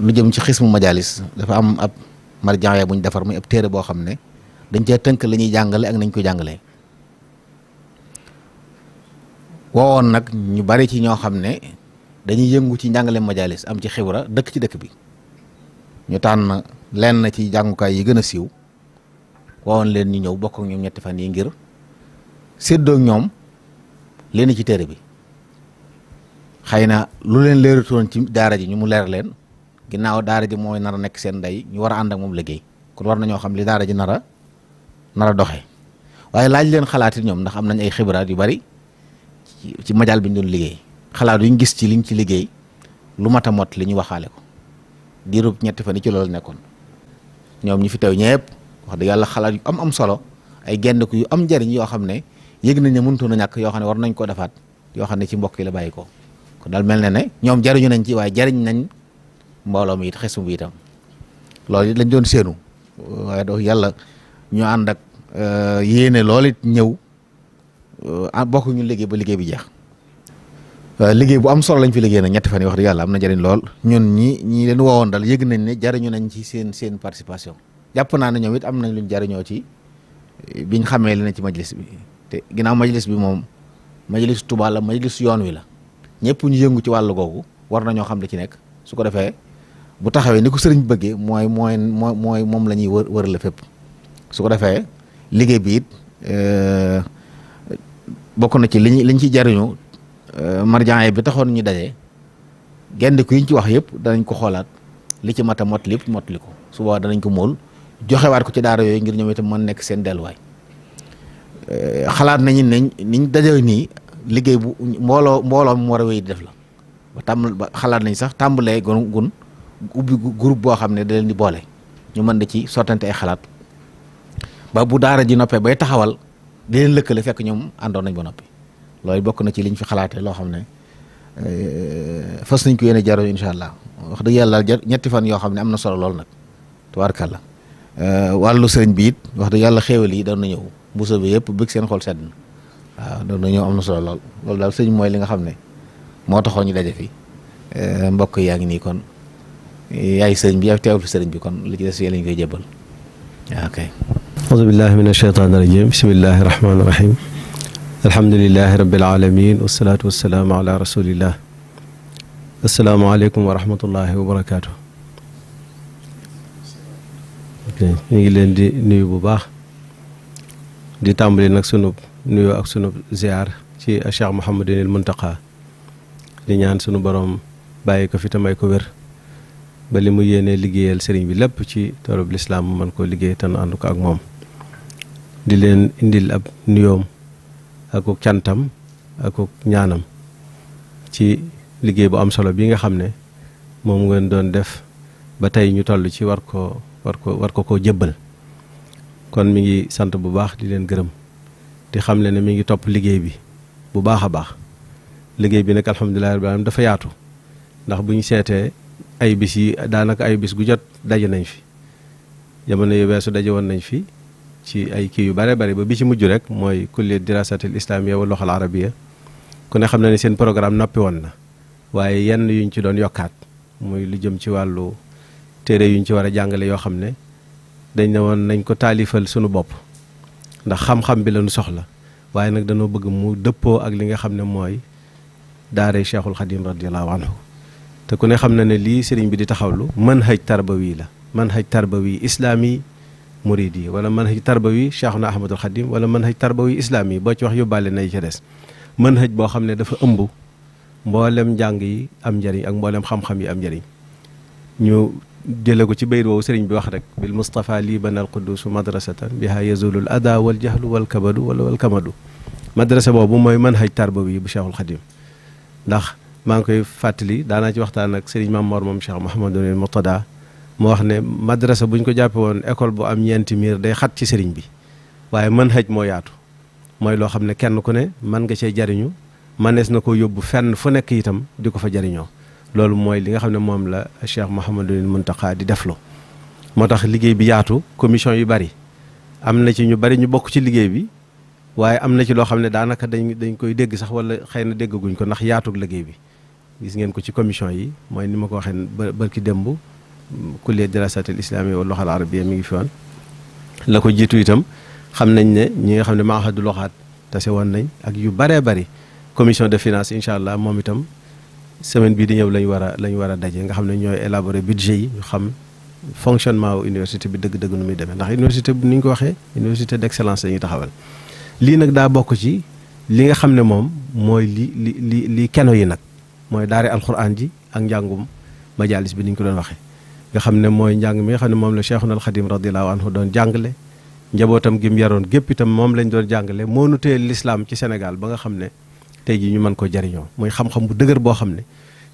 lu jëm ci xismu majalis dafa am ab marjaaya bu ñu defar muy ab téere boo xam ne dañ cee tënk lañuy jàngale ak nañ ko jàngale wowoon nag ñu bari ci ñoo xam ne dañuy yëngu ci njàngale majalis am ci xibra dëkk ci dëkk bi ñu tànn lenn ci jàngukaay yi gën a siiw wowoon leen ñu ñëw bokk ak ñoom ñetti fan yi ngir séddoo ñoom leen ci téere bi xëy na lu leen leerutoon ci daara ji ñu mu leer leen ginnaaw daara ji mooy nar a nekk seen ndey ñu war a ànd ak moom liggéey kon war nañoo xam li daara ji nar a nar a doxee waaye laaj leen xalaat ñoom ndax am nañ ay xibraat yu bari ci majaal bi ñu doon liggéey xalaat yuñ gis ci liñ ci liggéey lu mat a mot li ñu waxaale ko diirub ñetti fan ci loolu nekkoon ñoom ñi fi teew ñëpp wax dëgg yàlla xalaat yu am am solo ay gendiku yu am njëriñ yoo xam ne yëg nañ ne mënutoon a ñàkk yoo xam ne war nañ koo defaat yoo xam ne ci mbokk yi la bàyyi ko kon daal mel na ne ñoom jariñu nañ ci mbooloo mi it xesum bi itam lool yi lañ doon séenu waaye doo yàlla ñu ànd ak euh, yéene lool it ñëw euh, ah, bokk ñu liggéey ba liggéey bi jeex euh, liggéey bu am solo lañ fi liggéey nag ñetti fan yi wax di yàlla am na njëriñ lool ñun ñi ñi leen woowoon dal yëg nañ ni jariñu nañ ci seen seen participation jàpp naa ne ñoom it am nañ luñ jariñoo ci eh, biñ xamee li ci majlis bi te ginnaaw majlis bi moom majlis tubaal la majlis yoon wi la ñëpp ñu yëngu ci wàll googu war nañoo xam li ci nekk su ko defee bu taxawee ni ko sëriñ bëggee mooy mooy mooy mooy moom lañuy ñuy wër wërale fépp su ko defee liggéey bi it euh, bokk na ci liñ liñ ci jariñu euh, marjaan bi taxoon ñu daje genn ku yiñ ci wax yëpp danañ ko xoolaat li ci mat a mot lépp motali ko su boobaa danañ ko mool joxewaat ko ci daara yooyu ngir ñoom itam mën nekk seen delluwaay euh, xalaat nañu ne niñ daje nii liggéey bu mbooloo mbooloo mu war a wéy def la ba tàmbal xalaat nañ sax tàmbalee gun gun ubbi groupe boo xam ne da di boole ñu mën da ci sottante ay xalaat ba bu daara ji noppee bay taxawal di leen lëkkale fekk ñoom àndoon nañ ba noppi loolu bokk na ci liñ fi xalaatee loo xam ne euh, fas nañ ko yéene jaroo incha allah wax dëgg yàlla ñetti fan yoo xam ne am na solo lool nag tubaarkàlla euh, wàllu sëriñ bi it wax dëgg yàlla xéewal yi doon na ñëw mbuusa bi yëpp bëgg seen xool sedd na waaw doon na ñëw am na solo lool loolu daal sëñ mooy li nga xam ne moo taxoon ñu daje fi euh, mbokk yaa ngi nii kon yaay sëriñ bi yaa teewul fi sëriñ bi kon li ci des yéen lañ koy jébbal waaw ah, ok. auzu billahi min ashaytaani rajim bismillahi rahmaani rahim alhamdulilahi rabbil alamin wasalaatu wasalaamu ala rasulillah asalaamaaleykum wa rahmatullahi wa barakaatu. ñu ngi leen di nuyu bu baax di tàmbali nag sunu nuyu ak sunu ziar ci Cheikh Mouhamadinil Muntaqa di ñaan sunu borom bàyyi ko fi te may ko wér. ba li mu yéenee liggéeyal sëriñ bi lépp ci toolub lislaam mu mën koo liggéey te nu ànd ko ak moom di leen indil ab nuyoom akuk cantam akuk ñaanam ci liggéey bu am solo bii nga xam ne moom ngeen doon def ba tey ñu toll ci war ko war ko war ko koo jëbbal kon mu ngi sant bu baax di leen gërëm di xam ne ne mi ngi topp liggéey bi bu baax a baax liggéey bi nag alhamdulilah rabbil alamin dafa yaatu ndax bu ñu seetee ay bis yi daanaka ay bis gu jot daje nañ fi jamono yu weesu daje woon nañ fi ci ay kii yu bare bare ba bi ci mujj rek mooy kulliyat dirasatil islamiya wal lughal arabiyya ku ne xam na ne seen programme noppi woon na waaye yenn yu yuñ ci doon yokkaat muy lu jëm ci wàllu téere yuñ ci war a jàngale yoo xam ne dañ ne woon nañ ko taalifal sunu bopp ndax xam-xam bi lañu soxla waaye nag dañoo bëgg mu dëppoo ak li nga xam ne mooy daare cheikhul xadim radiallahu anhu te ku ne xam na ne lii sëriñ bi di taxawlu manhaj tarbawi la manhaj tarbawi islaami murid yi wala manhaj tarbawi Cheikhuna Ahmadul Xadim wala manhaj tarbawi islaami boo ci wax yóbbaale nay ca des manhaj boo xam ne dafa ëmb mboolem njàng yi am njariñ ak mboolem xam-xam yi am njariñ ñu jële ko ci bayit sëriñ bi wax rek bil Mustafa lii banal quddus madrasatan biha yazulul ada wal jahlu wal kabadu wala wal kamadu madrasa boobu mooy manhaj tarbawi bu Cheikhul Xadim maa ngi koy fàttali daanaa ci waxtaan ak sëriñ Maam Mor moom Cheikh Mouhamadou Mourtada moo wax ne madrasa buñ ko jàppee woon école bu am ñeenti miir day xat ci sëriñ bi waaye mën xëj moo yaatu mooy loo xam ne kenn ku ne man nga cee jariñu mënees na ko yóbbu fenn fu nekk itam di ko fa jariñoo loolu mooy li nga xam ne moom la Cheikh Mouhamadou Mountakha di defloo moo tax liggéey bi yaatu commission yu bari am na ci ñu bari ñu bokk ci liggéey bi waaye am na ci loo xam ne daanaka dañ dañ koy dégg sax wala xëy na déggaguñ ko ndax yaatug liggéey bi gis ngeen ko ci commission yi mooy ni ma ko waxee ba barki démb kulliyat dirasatil islamiya wal loxal arabiya mi ngi fi woon la ko jiitu itam xam nañ ne ñi nga xam ne maa xadu loxaat tase woon nañ ak yu bëree bëri commission de finance incha allah moom itam semaine bi di ñëw lañ war a lañ war a daje nga xam ne ñooy élaborer budget yi ñu xam fonctionnement wu université bi dëgg-dëgg nu muy demee ndax université bi ni ñu ko waxee université d'excellence la ñuy taxawal lii nag daa bokk ci li nga xam ne moom mooy li li li li keno yi nag mooy daare alxuraan ji ak njàngum majalis bi ni ñu ko doon waxee nga xam ne mooy njàng mi nga xam ne moom la Cheikhuna al Xadim radiyallahu anhu doon jàngale njabootam gi mu yaroon gépp itam moom lañ doon jàngale moo nu téye lislaam ci Sénégal ba nga xam ne tey jii ñu mën ko jariñoo muy xam-xam bu dëgër boo xam ne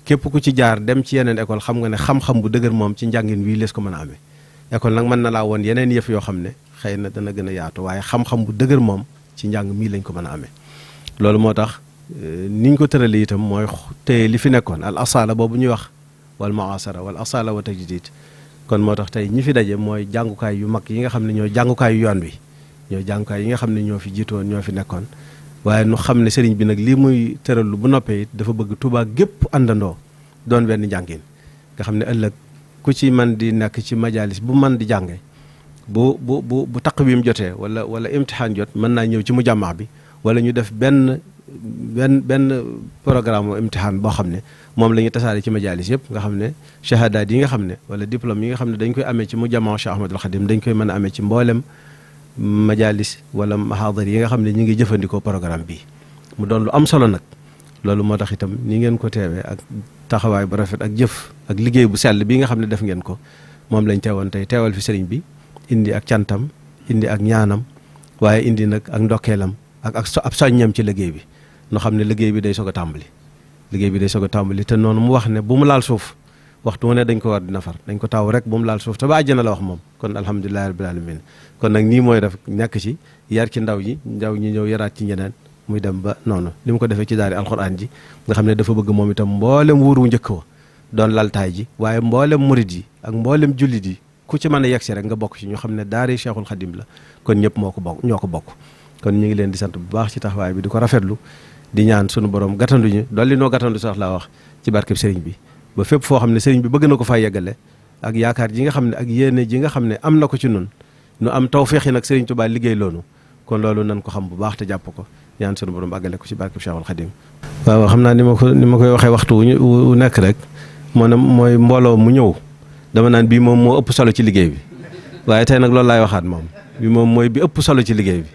képp ku ci jaar dem ci yeneen école xam nga ne xam-xam bu dëgër moom ci njàngin wii lees ko mën a amee école nag mën na laa woon yeneen yëf yoo xam ne xëy na dana gën a yaatu waaye xam-xam bu dëgër moom ci njàng mii lañ ko mën a amee Euh, niñ ñu ko tëralee itam mooy téye li fi nekkoon al asala boobu ñuy wax wal muasara wal asala wa tajdid kon moo tax tey ñi fi daje mooy jàngukaay yu mag yi nga xam ne ñoo jàngukaayu yoon wi ñoo jàngukaay yi nga xam ne ñoo fi jiitoon ñoo fi nekkoon waaye nu xam ne sëriñ bi nag lii muy tëralu bu noppee it dafa bëgg Tuubaa gépp àndandoo doon benn njàngin nga xam ne ëllëg ku ci man di nekk ci majalis bu man di jànge bu bu bu bu taqwiim jotee wala wala imtixaan jot mën naa ñëw ci mujammaa bi wala ñu def benn benn benn programme mu imtihaan boo xam ne moom la ñuy tasaare ci majaalis yëpp nga xam ne shahadaat yi nga xam ne wala diplôme yi nga xam ne dañ koy ame ci mu jamaa Cheikh Ahmadul dañ koy mën a amee ci mboolem majaalis wala mahadar yi nga xam ne ñu ngi jëfandikoo programme bii mu doon lu am solo nag loolu moo tax itam nii ngeen ko teewee ak taxawaay bu rafet ak jëf ak liggéey bu sell bii nga xam ne def ngeen ko moom lañ teewoon tey teewal fi sëriñ bi indi ak cantam indi ak ñaanam waaye indi nag ak ndokkeelam ak ak ab soññam ci liggéey bi noo xam ne liggéey bi day soog a tàmbali liggéey bi day soog a tàmbali te noonu mu wax ne bu mu laal suuf waxtu mu ne dañ ko war di nafar dañ ko taw rek bu laal suuf te ba àjjana la wax moom kon alhamdulilahi rabbil alamin kon nag nii mooy def ñàkk ci yar ci ndaw yi ndaw ñi ñëw yaraat ci ñeneen muy dem ba noonu li mu ko defee ci daari alxuraan ji nga xam ne dafa bëgg moom itam mboolem wuur wu njëkk wa doon laltaay ji waaye mboolem murid yi ak mboolem jullit yi ku ci mën a yegsi rek nga bokk ci ñu xam ne daari cheikhul xadim la kon ñëpp moo ko bokk ñoo ko bokk kon ñu ngi leen di sant bu baax ci taxawaay bi di ko rafetlu di ñaan sunu borom gàttanduñu dolli noo gàttandu sax laa wax ci barkeb sëriñ bi ba fépp foo xam ne sëriñ bi bëgg na ko faa yeggale ak yaakaar ji nga xam ne ak yéene ji nga xam ne am na ko ci nun nu am tawféex yi nag sëriñ Tuubaa liggéey loolu kon loolu nan ko xam bu baax te jàpp ko ñaan sunu borom àggale ko ci barkeb Cheikhul Khadim waaw xam naa ni ma ko ni ma koy waxee waxtu wu nekk rek moo ne mooy mbooloo mu ñëw dama naan bii moom moo ëpp solo ci liggéey bi waaye tey nag loolu laay waxaat moom bi moom bi ëpp solo ci liggéey bi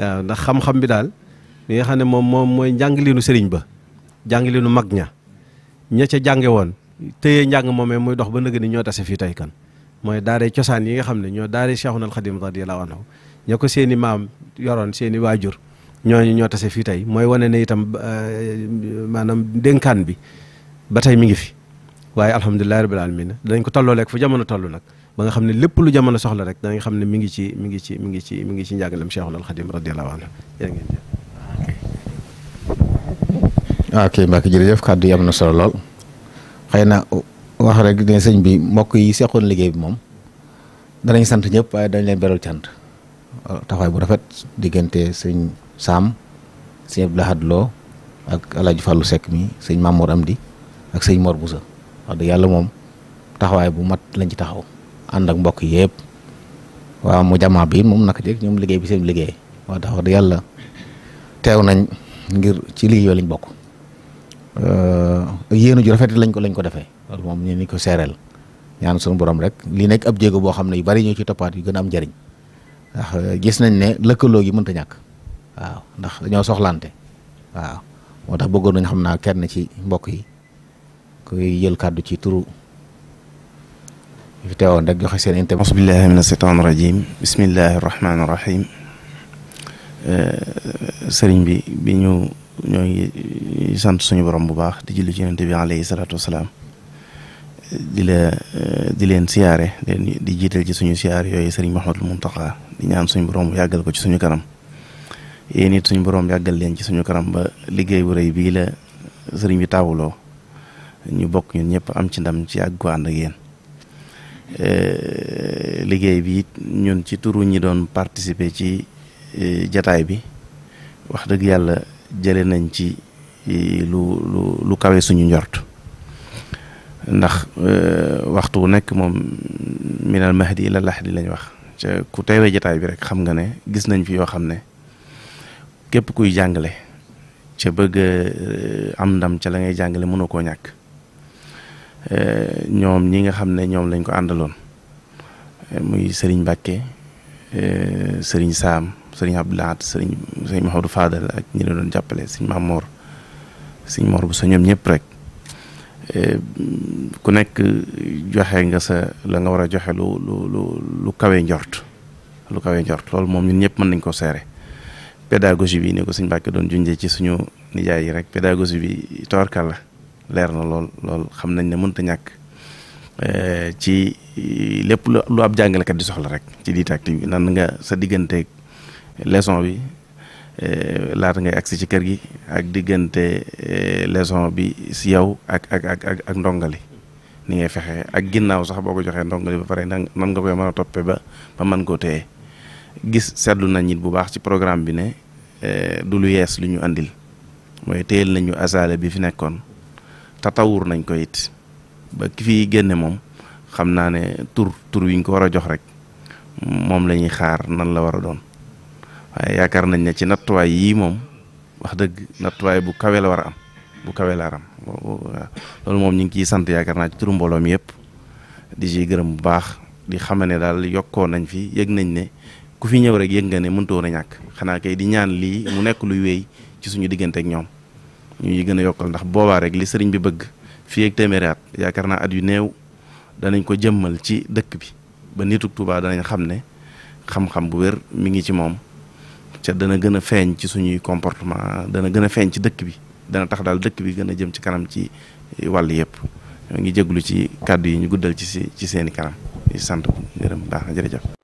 waaw ndax xam bi daal li nga xam ne moom moom mooy njàngaleenu sëriñ ba jàngaleenu mag ña ña ca jànge woon tëyee njàng moomee muy dox ba nëgg ni ñoo tase fii tey kan mooy daaree cosaan yi nga xam ne ñoo daaree Cheikhul Khadim radiyallahu anhu ña ko seen maam yoroon seen waajur ñooñu ñoo tase fii tey mooy wane ne itam eh, maanaam dénkaan bi ba tey mi ngi fi waaye alhamdulilahi rabbil alamin danañ ko tolloo leeg fu jamono toll nag ba nga xam ne lépp lu jamono soxla rek danañ xam ne mi ngi ci mi ngi ci mi ngi ci mi ngi ci njàngalem Cheikhul Khadim radiyallahu anhu waaw kay Mbacke jëf kàddu yi am na solo lool xëy na wax rek ne sëñ bi mbokk yi seqoon liggéey bi moom danañ sant ñëpp waaye dañ leen beral cant taxawaay bu rafet diggante sëñ Saam sëñ Abdou Lahad Lo ak El Hadj sekk mi sëñ Mamour di ak sëñ Mor Boussa wax dëgg yàlla moom taxawaay bu mat lañ ci taxaw ànd ak mbokk yëpp waaw mu jamaa bi moom naka jëkk ñoom liggéey bi seen liggéey waaw tax wax yàlla teew nañ ngir ci liggéey lañ bokk. Euh, yéenu ju rafet lañ ko lañ ko defee moom ñu ni ko seereel ñaan suñu borom rek lii nekk ab jéego boo xam ne yu bari ñoo ci toppaat yu gën a am njariñ ndax euh, gis nañ ne lëkkaloo gi mënta ñàkk waaw ndax dañoo soxlante waaw moo tax bëggoon nañ xam naa kenn ci mbokk yi kuy jël kàddu ci turu fi teewoon rek joxe seen intervention asbillahi min asheytaan rajim bismillahi rahmaani rahim euh, sëriñ bi bi ñu ñoo ngi sant suñu borom bu baax di julli ci yonent bi alayhi salaatu wasalaam di la di leen siyaare di jiital ci suñu siyaare yooyu sëriñ Mouhamadou Mountakha di ñaan suñu borom yàggal ko ci suñu kanam yéen it suñu borom yàggal leen ci suñu kanam ba liggéey bu rëy bii la sëriñ bi taawuloo ñu bokk ñun ñëpp am ci ndam ci àggu ànd ak yéen eh, liggéey bi ñun ci turu ñi doon participer ci eh, jataay bi wax dëgg yàlla. jële nañ ci e, lu lu lu kawe suñu njort ndax e, waxtu wu nekk moom minal mahdi ila lahdi lañ wax ca ku teewee jataay bi rek xam nga ne gis nañ fi yoo xam ne képp kuy jàngale ca bëgg e, am ndam ca la ngay jàngale mënu koo ñàkk ñoom ñi nga xam ne ñoom lañ ko àndaloon muy sëriñ Mbàkke sëriñ Saam sëriñ Abdou Lahat sëriñ sëriñ Mahamadou Fadal ak ñi la doon jàppale sëriñ Mamor sëriñ Mor bu ñëpp rek eh, ku nekk joxe nga sa la nga war a joxe lu lu lu lu kawe njort lu kawe njort loolu moom ñun ñëpp mën nañ koo seere pédagogie bi ni ko suñ Mbàkke doon junjee ci suñu nijaay yi rek pédagogie bi tawarkal la leer na lool lool xam nañ ne mënta ñàkk eh, ci eh, lépp lu ab jàngalekat di soxla rek ci diitaak yi nan nga sa digganteeg lesson bi eh, laata ngay agsi ci kër gi ak diggante eh, leçon bi si yow ak ak ak ak ak ndongali ni ngay fexe ak ginnaaw sax boo ko joxee ndongali ba pare nan nga koy mën a toppee ba ba mën koo téye gis seetlu nañ nit bu baax ci programme bi ne eh, du lu yees lu ñu andil mooy téyel nañu asaale bi fi nekkoon tatawur nañ ko yit ba ki fi génne moom xam naa ne tur tur wiñ ko war a jox rek moom la ñuy xaar nan la war a doon waaye yaakaar nañ ne ci nattuwaay yii moom wax dëgg nattuwaay bu kawee la war a am bu kawee la war am loolu moom ñu ngi ciy sant yaakaar naa ci turu mbooloo mi yëpp di ci gërëm bu baax di xam ne daal yokkoo nañ fi yëg nañ ne ku fi ñëw rek yëg nga ne mëntoon a ñàkk xanaa kay di ñaan lii mu nekk luy wéy ci suñu diggante ak ñoom ñuy gën a yokkal ndax boobaa rek li sëriñ bi bëgg fii ak téeméeri at yaakaar naa at yu néew danañ ko jëmmal ci dëkk bi ba nituk Tuubaa danañ xam ne xam bu wér mi ngi ci moom dana gën a feeñ ci suñuy comportement dana gën a feeñ ci dëkk bi dana tax daal dëkk bi gën a jëm ci kanam ci eh, wall yëpp ñoo ngi jéglu ci kàddu yi ñu guddal ci si ci seeni kanam di sant bu gërëm baax na jërëjëf